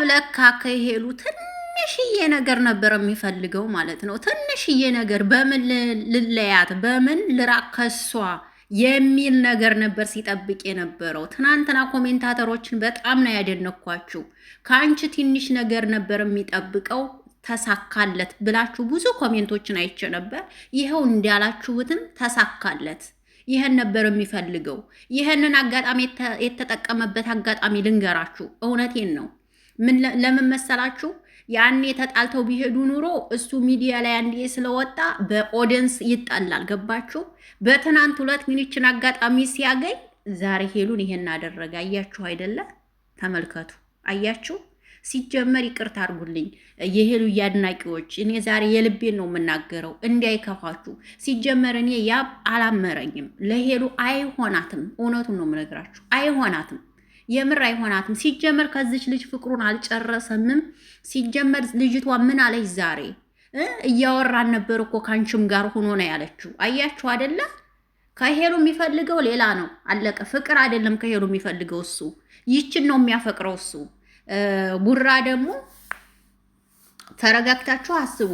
ሀሳብ ለካ ከሄሉ ትንሽዬ ነገር ነበር የሚፈልገው ማለት ነው። ትንሽዬ ነገር በምን ልለያት፣ በምን ልራቅ ከሷ የሚል ነገር ነበር ሲጠብቅ የነበረው። ትናንትና ኮሜንታተሮችን በጣም ነው ያደነኳችሁ። ከአንቺ ትንሽ ነገር ነበር የሚጠብቀው ተሳካለት ብላችሁ ብዙ ኮሜንቶችን አይቼ ነበር። ይኸው እንዳላችሁትም ተሳካለት። ይህን ነበር የሚፈልገው። ይህንን አጋጣሚ የተጠቀመበት አጋጣሚ ልንገራችሁ፣ እውነቴን ነው። ለምን መሰላችሁ? ያኔ ተጣልተው ቢሄዱ ኑሮ እሱ ሚዲያ ላይ አንዴ ስለወጣ በኦዲየንስ ይጣላል። ገባችሁ? በትናንት ሁለት ሚኒችን አጋጣሚ ሲያገኝ ዛሬ ሄሉን ይሄን አደረገ። አያችሁ አይደለ? ተመልከቱ። አያችሁ ሲጀመር ይቅርታ አድርጉልኝ የሄሉ አድናቂዎች፣ እኔ ዛሬ የልቤን ነው የምናገረው እንዳይከፋችሁ። ሲጀመር እኔ ያ አላመረኝም፣ ለሄሉ አይሆናትም። እውነቱን ነው የምነግራችሁ፣ አይሆናትም የምር አይሆናትም። ሲጀመር ከዚች ልጅ ፍቅሩን አልጨረሰምም። ሲጀመር ልጅቷ ምን አለች ዛሬ? እያወራን ነበር እኮ ከአንቺም ጋር ሆኖ ነው ያለችው። አያችሁ አደለ? ከሄሉ የሚፈልገው ሌላ ነው። አለቀ። ፍቅር አይደለም ከሄሉ የሚፈልገው እሱ ይችን ነው የሚያፈቅረው እሱ። ቡራ ደግሞ ተረጋግታችሁ አስቡ።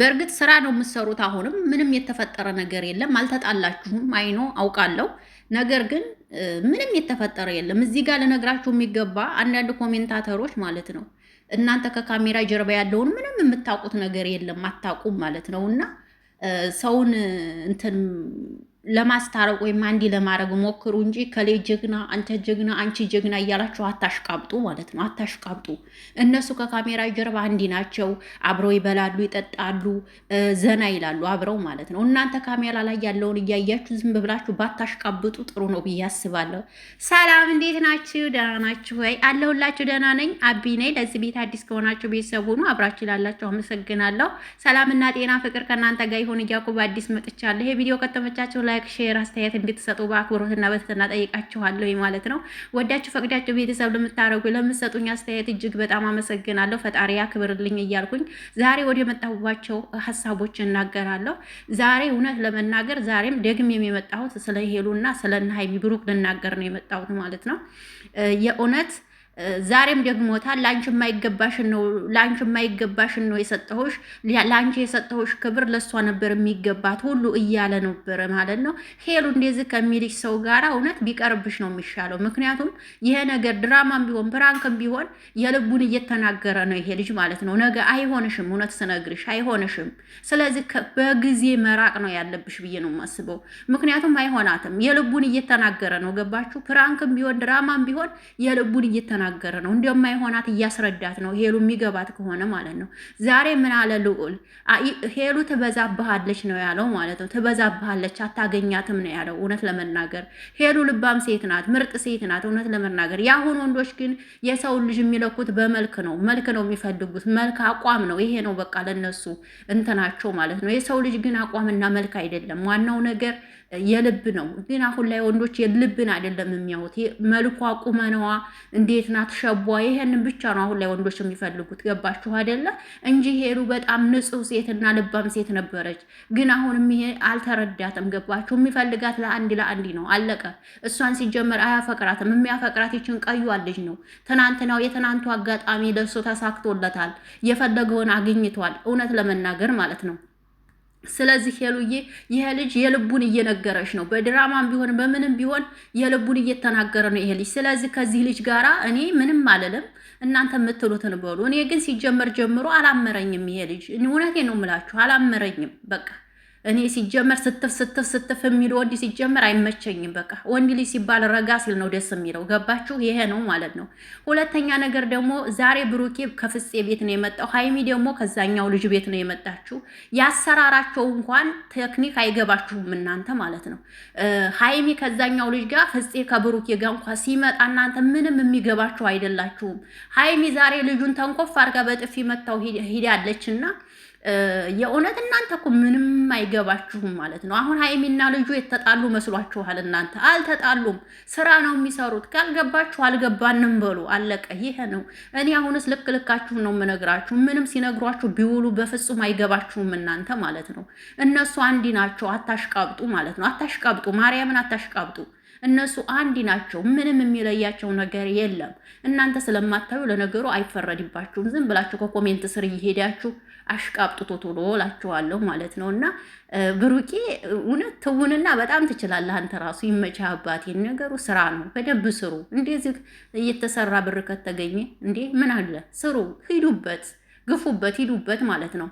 በእርግጥ ስራ ነው የምትሰሩት። አሁንም ምንም የተፈጠረ ነገር የለም። አልተጣላችሁም፣ አይኖ አውቃለሁ። ነገር ግን ምንም የተፈጠረ የለም። እዚህ ጋር ልነግራችሁ የሚገባ አንዳንድ ኮሜንታተሮች ማለት ነው እናንተ ከካሜራ ጀርባ ያለውን ምንም የምታውቁት ነገር የለም፣ አታውቁም ማለት ነው እና ሰውን እንትን ለማስታረቅ ወይም አንድ ለማድረግ ሞክሩ እንጂ ከሌ ጀግና፣ አንተ ጀግና፣ አንቺ ጀግና እያላችሁ አታሽቃብጡ ማለት ነው። አታሽቃብጡ። እነሱ ከካሜራ ጀርባ አንዲ ናቸው። አብረው ይበላሉ፣ ይጠጣሉ፣ ዘና ይላሉ አብረው ማለት ነው። እናንተ ካሜራ ላይ ያለውን እያያችሁ ዝም ብላችሁ ባታሽቃብጡ ጥሩ ነው ብዬ አስባለሁ። ሰላም፣ እንዴት ናችሁ? ደህና ናችሁ ወይ? አለሁላችሁ። ደህና ነኝ። አቢ ነኝ። ለዚህ ቤት አዲስ ከሆናችሁ ቤተሰቡ ሁኑ። አብራችሁ ላላችሁ አመሰግናለሁ። ሰላምና ጤና ፍቅር ከእናንተ ጋር ይሁን እያልኩ በአዲስ መጥቻለሁ። ይሄ ቪዲዮ ከተመቻችሁ ላይ ላይክ፣ ሼር አስተያየት እንድትሰጡ በአክብሮትና በትህትና ጠይቃችኋለሁ ማለት ነው። ወዳችሁ ፈቅዳችሁ ቤተሰብ ለምታደረጉ ለምትሰጡኝ አስተያየት እጅግ በጣም አመሰግናለሁ። ፈጣሪ ያክብርልኝ እያልኩኝ ዛሬ ወደ መጣሁባቸው ሀሳቦች እናገራለሁ። ዛሬ እውነት ለመናገር ዛሬም ደግም የመጣሁት ስለ ሄሉና ስለ ሀይሚ ብሩክ ልናገር ነው የመጣሁት ማለት ነው የእውነት ዛሬም ደግሞታል። ላንች የማይገባሽን ነው ለአንቺ የማይገባሽን ነው የሰጠሁሽ፣ ለአንቺ የሰጠሁሽ ክብር ለእሷ ነበር የሚገባት ሁሉ እያለ ነበር ማለት ነው። ሄሉ እንደዚህ ከሚልሽ ሰው ጋራ እውነት ቢቀርብሽ ነው የሚሻለው። ምክንያቱም ይሄ ነገር ድራማም ቢሆን ፕራንክም ቢሆን የልቡን እየተናገረ ነው ይሄ ልጅ ማለት ነው። ነገ አይሆንሽም፣ እውነት ስነግርሽ አይሆንሽም። ስለዚህ በጊዜ መራቅ ነው ያለብሽ ብዬ ነው የማስበው። ምክንያቱም አይሆናትም፣ የልቡን እየተናገረ ነው። ገባችሁ? ፕራንክም ቢሆን ድራማም ቢሆን የልቡን እየተናገረ እየተናገረ ነው። እንዲያውም አይሆናት እያስረዳት ነው። ሄሉ የሚገባት ከሆነ ማለት ነው። ዛሬ ምን አለ ልዑል? ሄሉ ትበዛብሃለች ነው ያለው ማለት ነው። ትበዛብሃለች፣ አታገኛትም ነው ያለው። እውነት ለመናገር ሄሉ ልባም ሴት ናት፣ ምርጥ ሴት ናት። እውነት ለመናገር የአሁኑ ወንዶች ግን የሰውን ልጅ የሚለኩት በመልክ ነው። መልክ ነው የሚፈልጉት፣ መልክ አቋም ነው። ይሄ ነው በቃ ለነሱ እንትናቸው ማለት ነው። የሰው ልጅ ግን አቋምና መልክ አይደለም ዋናው ነገር የልብ ነው። ግን አሁን ላይ ወንዶች የልብን አይደለም የሚያዩት። መልኳ፣ ቁመናዋ እንዴት ናት፣ ሸቧ፣ ይሄንን ብቻ ነው አሁን ላይ ወንዶች የሚፈልጉት። ገባችሁ አይደለ? እንጂ ሄሉ በጣም ንጹሕ ሴትና ልባም ሴት ነበረች። ግን አሁን ይሄ አልተረዳትም። ገባችሁ? የሚፈልጋት ለአንድ ለአንድ ነው። አለቀ። እሷን ሲጀመር አያፈቅራትም። የሚያፈቅራት ይችን ቀዩ ልጅ ነው። ትናንትናው የትናንቱ አጋጣሚ ለእሱ ተሳክቶለታል። የፈለገውን አግኝቷል። እውነት ለመናገር ማለት ነው። ስለዚህ ሄሉዬ ይሄ ልጅ የልቡን እየነገረች ነው። በድራማም ቢሆን በምንም ቢሆን የልቡን እየተናገረ ነው ይሄ ልጅ። ስለዚህ ከዚህ ልጅ ጋራ እኔ ምንም አልልም፣ እናንተ የምትሉትን በሉ። እኔ ግን ሲጀመር ጀምሮ አላመረኝም ይሄ ልጅ። እውነቴ ነው የምላችሁ አላመረኝም በቃ እኔ ሲጀመር ስትፍ ስትፍ ስትፍ የሚል ወንድ ሲጀመር አይመቸኝም። በቃ ወንድ ልጅ ሲባል ረጋ ሲል ነው ደስ የሚለው። ገባችሁ? ይሄ ነው ማለት ነው። ሁለተኛ ነገር ደግሞ ዛሬ ብሩኬ ከፍጼ ቤት ነው የመጣው፣ ሀይሚ ደግሞ ከዛኛው ልጅ ቤት ነው የመጣችሁ። ያሰራራቸው እንኳን ቴክኒክ አይገባችሁም እናንተ ማለት ነው። ሀይሚ ከዛኛው ልጅ ጋር፣ ፍጼ ከብሩኬ ጋር እንኳ ሲመጣ እናንተ ምንም የሚገባችሁ አይደላችሁም። ሀይሚ ዛሬ ልጁን ተንኮፍ አድርጋ በጥፊ መታው ሂዳለች እና የእውነት እናንተ እኮ ምንም አይገባችሁም ማለት ነው። አሁን ሀይሚና ልጁ የተጣሉ መስሏችኋል። እናንተ አልተጣሉም፣ ስራ ነው የሚሰሩት። ካልገባችሁ አልገባንም በሉ፣ አለቀ። ይሄ ነው። እኔ አሁንስ ልክ ልካችሁ ነው የምነግራችሁ። ምንም ሲነግሯችሁ ቢውሉ በፍጹም አይገባችሁም እናንተ ማለት ነው። እነሱ አንዲ ናቸው። አታሽቃብጡ ማለት ነው። አታሽቃብጡ፣ ማርያምን አታሽቃብጡ። እነሱ አንድ ናቸው። ምንም የሚለያቸው ነገር የለም። እናንተ ስለማታዩ ለነገሩ አይፈረድባችሁም። ዝም ብላችሁ ከኮሜንት ስር እየሄዳችሁ አሽቃብጡቶ ቶሎ እላችኋለሁ ማለት ነው። እና ብሩቄ እውነት ትውንና በጣም ትችላለህ አንተ ራሱ ይመቻ። አባቴ ነገሩ ስራ ነው። በደንብ ስሩ። እንደዚህ እየተሰራ ብር ከተገኘ እንዴ ምን አለ? ስሩ፣ ሂዱበት ግፉበት ሂዱበት ማለት ነው።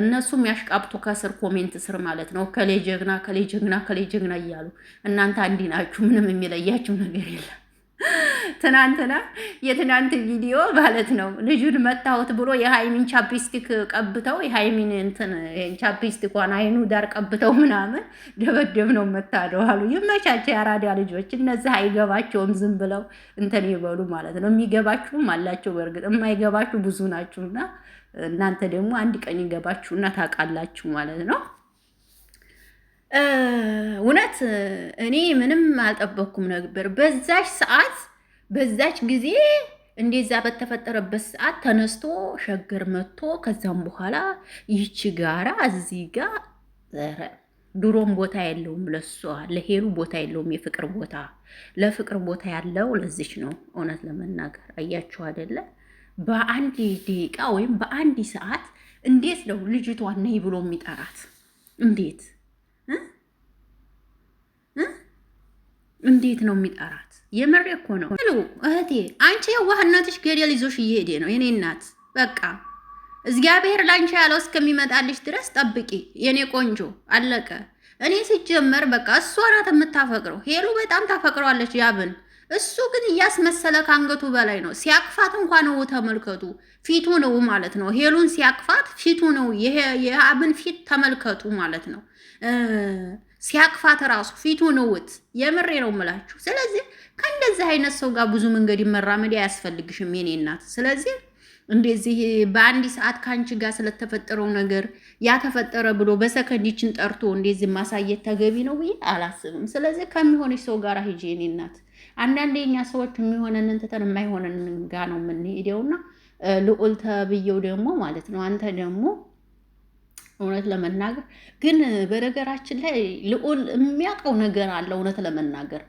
እነሱም ያሽቃብጡ ከስር ኮሜንት ስር ማለት ነው። ከሌ ጀግና፣ ከሌ ጀግና፣ ከሌ ጀግና እያሉ እናንተ አንዲ ናችሁ። ምንም የሚለያችሁ ነገር የለም። ትናንትና የትናንት ቪዲዮ ማለት ነው። ልጁን መታሁት ብሎ የሃይሚን ቻፕስቲክ ቀብተው የሃይሚን እንትን ቻፕስቲኳን አይኑ ዳር ቀብተው ምናምን ደበደብ ነው መታደው አሉ። ይመቻቸው የአራዳ ልጆች እነዚህ አይገባቸውም። ዝም ብለው እንትን ይበሉ ማለት ነው። የሚገባችሁም አላቸው፣ በእርግጥ የማይገባችሁ ብዙ ናችሁና እናንተ ደግሞ አንድ ቀን ይገባችሁና ታውቃላችሁ ማለት ነው። እውነት እኔ ምንም አልጠበኩም ነበር በዛች ሰዓት በዛች ጊዜ እንደዛ በተፈጠረበት ሰዓት ተነስቶ ሸገር መጥቶ ከዛም በኋላ ይቺ ጋራ እዚህ ጋር ድሮም ቦታ የለውም ለሷ ለሄሉ ቦታ የለውም። የፍቅር ቦታ ለፍቅር ቦታ ያለው ለዚች ነው። እውነት ለመናገር አያችሁ አይደለ? በአንድ ደቂቃ ወይም በአንድ ሰዓት እንዴት ነው ልጅቷ ነይ ብሎ የሚጠራት እንዴት እንዴት ነው የሚጠራት? የምሬ እኮ ነው እህቴ። አንቺ የዋህነትሽ ገደል ይዞሽ እየሄደ ነው የኔ እናት። በቃ እግዚአብሔር ላንቺ ያለው እስከሚመጣልሽ ድረስ ጠብቂ የኔ ቆንጆ። አለቀ። እኔ ሲጀመር በቃ እሷ ናት የምታፈቅረው። ሄሉ በጣም ታፈቅረዋለች ያብን። እሱ ግን እያስመሰለ ከአንገቱ በላይ ነው። ሲያቅፋት እንኳ ነው ተመልከቱ፣ ፊቱ ነው ማለት ነው። ሄሉን ሲያቅፋት ፊቱ ነው የአብን ፊት ተመልከቱ ማለት ነው። ሲያቅፋት ራሱ ፊቱን እውት የምሬ ነው የምላችሁ። ስለዚህ ከእንደዚህ አይነት ሰው ጋር ብዙ መንገድ መራመድ አያስፈልግሽም የኔ እናት። ስለዚህ እንደዚህ በአንድ ሰዓት ከአንቺ ጋር ስለተፈጠረው ነገር ያተፈጠረ ብሎ በሰከንዲችን ጠርቶ እንደዚህ ማሳየት ተገቢ ነው ብዬ አላስብም። ስለዚህ ከሚሆንሽ ሰው ጋር ሂጂ የኔ እናት። አንዳንዴ የኛ ሰዎች የሚሆነንን ትተን የማይሆነንን ጋ ነው የምንሄደውና ልዑል ተብዬው ደግሞ ማለት ነው አንተ ደግሞ እውነት ለመናገር ግን በነገራችን ላይ ልዑል የሚያውቀው ነገር አለ። እውነት ለመናገር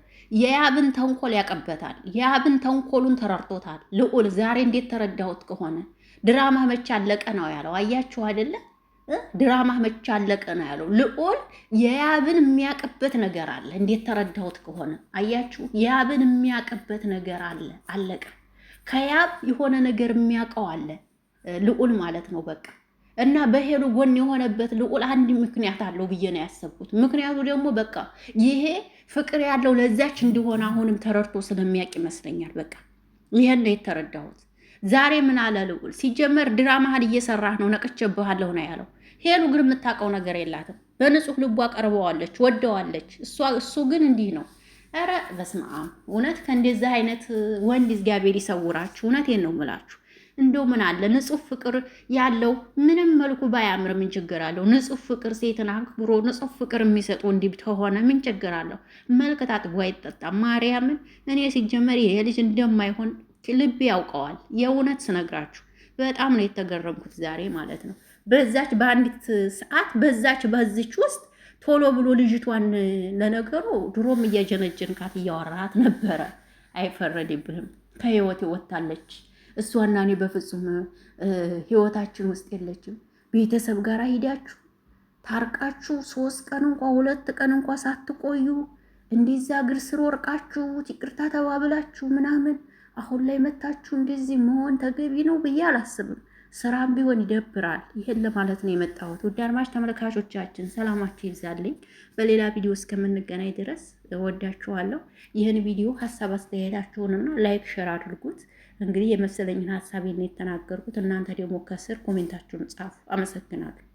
የያብን ተንኮል ያቀበታል። የያብን ተንኮሉን ተረድቶታል ልዑል። ዛሬ እንዴት ተረዳሁት ከሆነ ድራማ መቼ አለቀ ነው ያለው። አያችሁ አይደለ? ድራማ መቼ አለቀ ነው ያለው ልዑል። የያብን የሚያቅበት ነገር አለ። እንዴት ተረዳሁት ከሆነ አያችሁ፣ የያብን የሚያቅበት ነገር አለ። አለቀ። ከያብ የሆነ ነገር የሚያውቀው አለ ልዑል ማለት ነው በቃ እና በሄሉ ጎን የሆነበት ልዑል አንድ ምክንያት አለው ብዬ ነው ያሰብኩት። ምክንያቱ ደግሞ በቃ ይሄ ፍቅር ያለው ለዛች እንደሆነ አሁንም ተረድቶ ስለሚያውቅ ይመስለኛል። በቃ ይሄን ነው የተረዳሁት። ዛሬ ምን አለ ልዑል? ሲጀመር ድራማህን እየሰራህ ነው፣ ነቅቼብሃለሁ ነው ያለው። ሄሉ ግን የምታውቀው ነገር የላትም። በንጹህ ልቧ ቀርበዋለች፣ ወደዋለች። እሱ ግን እንዲህ ነው። ኧረ በስመ አብ! እውነት ከእንደዚህ አይነት ወንድ እግዚአብሔር ይሰውራችሁ። እውነቴን ነው የምላችሁ እንደው ምን አለ ንጹህ ፍቅር ያለው ምንም መልኩ ባያምር ምን ችግር አለው? ንጹህ ፍቅር ሴትን አክብሮ ንጹህ ፍቅር የሚሰጡ እንዲህ ከሆነ ምን ችግር አለው? መልክ ታጥቦ አይጠጣም። ማርያምን እኔ ሲጀመር ይሄ ልጅ እንደማይሆን ልብ ያውቀዋል። የእውነት ስነግራችሁ በጣም ነው የተገረምኩት ዛሬ ማለት ነው። በዛች በአንዲት ሰዓት በዛች በዚች ውስጥ ቶሎ ብሎ ልጅቷን ለነገሩ ድሮም እየጀነጀንካት እያወራት ነበረ። አይፈረድብህም። ከህይወት ይወታለች። እሷና እኔ በፍጹም ህይወታችን ውስጥ የለችም። ቤተሰብ ጋር ሂዳችሁ ታርቃችሁ ሶስት ቀን እንኳ ሁለት ቀን እንኳ ሳትቆዩ እንደዛ እግር ስር ወርቃችሁ ይቅርታ ተባብላችሁ ምናምን አሁን ላይ መታችሁ እንደዚህ መሆን ተገቢ ነው ብዬ አላስብም። ስራም ቢሆን ይደብራል። ይህን ለማለት ነው የመጣሁት። ውድ አድማጭ ተመልካቾቻችን ሰላማችሁ ይብዛልኝ። በሌላ ቪዲዮ እስከምንገናኝ ድረስ እወዳችኋለሁ። ይህን ቪዲዮ ሀሳብ አስተያየታችሁንና ላይክ ሸር አድርጉት። እንግዲህ የመሰለኝን ሀሳቤን የተናገርኩት እናንተ ደግሞ ከስር ኮሜንታችሁን ጻፉ። አመሰግናለሁ።